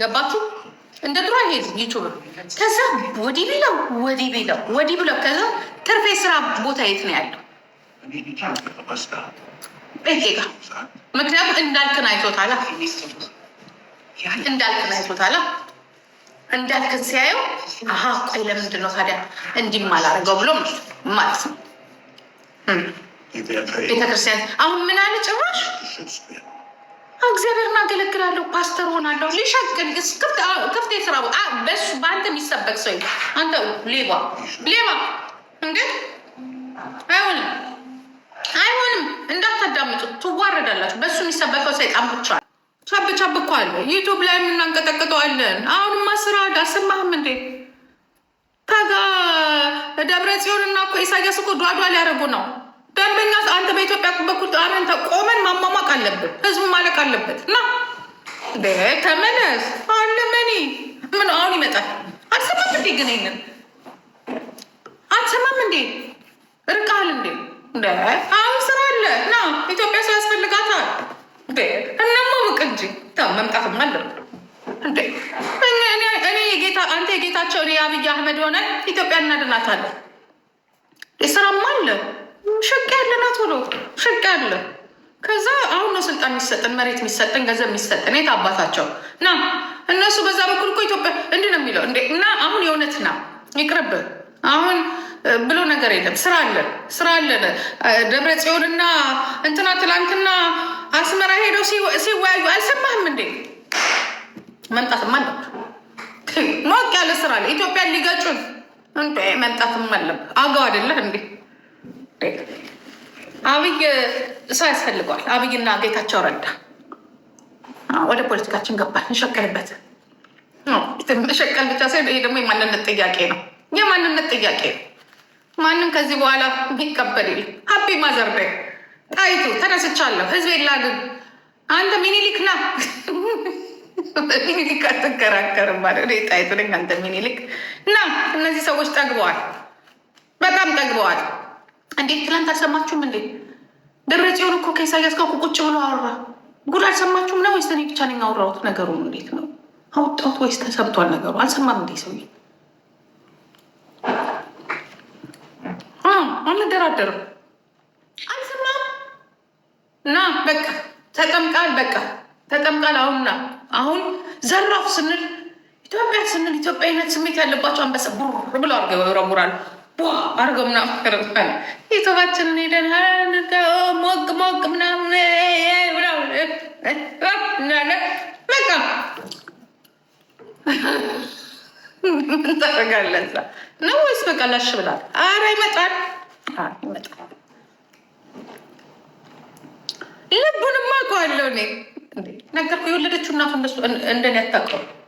ገባችሁ? እንደ ድሮ ይሄ ዩቱብ ከዛ ወዲህ ቢለው ወዲህ ቢለው ወዲህ ብለው ከዛ ትርፌ ስራ ቦታ የት ነው ያለው? ጋ ምክንያቱም እንዳልክን አይቶታላ እንዳልክን አይቶታላ እንዳልክን ሲያየው አሀ ቆይ ለምንድን ነው ታዲያ እንዲህ ማላረገው ብሎ ማለት ነው። ቤተክርስቲያን አሁን ምን አለ ጭራሽ እግዚአብሔር እናገለግላለሁ፣ ፓስተር ሆናለሁ። ሊሸቅን ክፍት የስራ በሱ በአንተ የሚሰበቅ ሰው አንተ ሌባ ሌባ እንዴ! አይሆንም፣ አይሆንም። እንዳታዳምጡ ትዋረዳላችሁ። በሱ የሚሰበቀው ሰይጣን ብቻ ቻብ ቻብ እኮ አለ። ዩቱብ ላይ የምናንቀጠቅጠዋለን። አሁንማ ስራ አልሰማህም እንዴ? ከጋ ደብረ ጽዮንና እኮ ኢሳያስ እኮ ዷዷ ሊያደርጉ ነው ያንበኛ አንተ በኢትዮጵያ በኩል ጣመን ቆመን ማሟሟቅ አለብን። ህዝቡ ማለቅ አለበት ና ተመለስ አለመኒ ምን አሁን ይመጣል። አትሰማም እንዴ ግን ይንን አትሰማም እንዴ ርቃል እንዴ አሁን ስራ አለ እና ኢትዮጵያ ሰው ያስፈልጋታል። እነማ እናማውቅ እንጂ መምጣት አለ አንተ የጌታቸው እኔ የአብይ አህመድ ሆነን ኢትዮጵያ እናድናታለን። የስራማ አለ ሸቅ ያለ ቶሎ ሸቅ ያለ ከዛ አሁን ነው ስልጣን የሚሰጠን መሬት የሚሰጠን ገንዘብ የሚሰጠን የት አባታቸው ና እነሱ በዛ በኩል እኮ ኢትዮጵያ እንዲህ ነው የሚለው እንዴ እና አሁን የእውነት ና ይቅርብ አሁን ብሎ ነገር የለም ስራ አለ ስራ አለ ደብረ ጽዮንና እንትና ትላንትና አስመራ ሄደው ሲወያዩ አልሰማህም እንዴ መምጣትም አለብን ሞቅ ያለ ስራ አለ ኢትዮጵያን ሊገጩን እንዴ መምጣትም አለብን አገው አይደለህ እንዴ አብይ ሰው ያስፈልገዋል። አብይና ጌታቸው ረዳ ወደ ፖለቲካችን ገባል። እንሸከልበት መሸቀል ብቻ ሳይሆን ይሄ ደግሞ የማንነት ጥያቄ ነው። የማንነት ጥያቄ ነው። ማንም ከዚህ በኋላ የሚቀበል የለም። ሀቢ ማዘርቤ ጣይቱ ተነስቻለሁ። ህዝብ የላግም። አንተ ሚኒሊክ ና ሚኒሊክ አትከራከርም ማለት ጣይቱ አንተ ሚኒሊክ ና። እነዚህ ሰዎች ጠግበዋል፣ በጣም ጠግበዋል። እንዴት ትላንት አልሰማችሁም እንዴ? ደብረ ጽዮን እኮ ከኢሳያስ ጋር ቁጭ ብሎ አወራ። ጉድ አልሰማችሁም ነው ወይስ እኔ ብቻ ነኝ አወራሁት? ነገሩ እንዴት ነው አውጣሁት ወይስ ተሰብቷል ነገሩ አልሰማም እንዴ? ሰው አንደራደርም። አልሰማም እና በቃ ተጠምቃል። በቃ ተጠምቃል። አሁንና አሁን ዘራፍ ስንል ኢትዮጵያ ስንል ኢትዮጵያዊነት ስሜት ያለባቸው አንበሳ ቡር ብሎ አድርገው ይረሙራል። አርጎ ምናምን ቅርበን ኢትዮባችንን ሄደን ሞቅ ሞቅ ምናምን እናለ በቃ ምን ታደርጋለህ? ነው ወይስ በቃ ላሽ ብላል? ይመጣል ይመጣል። ልቡንማ እኮ አለው እኔ ነገርኩህ። የወለደችው እናቱ እንደኔ አታውቀውም።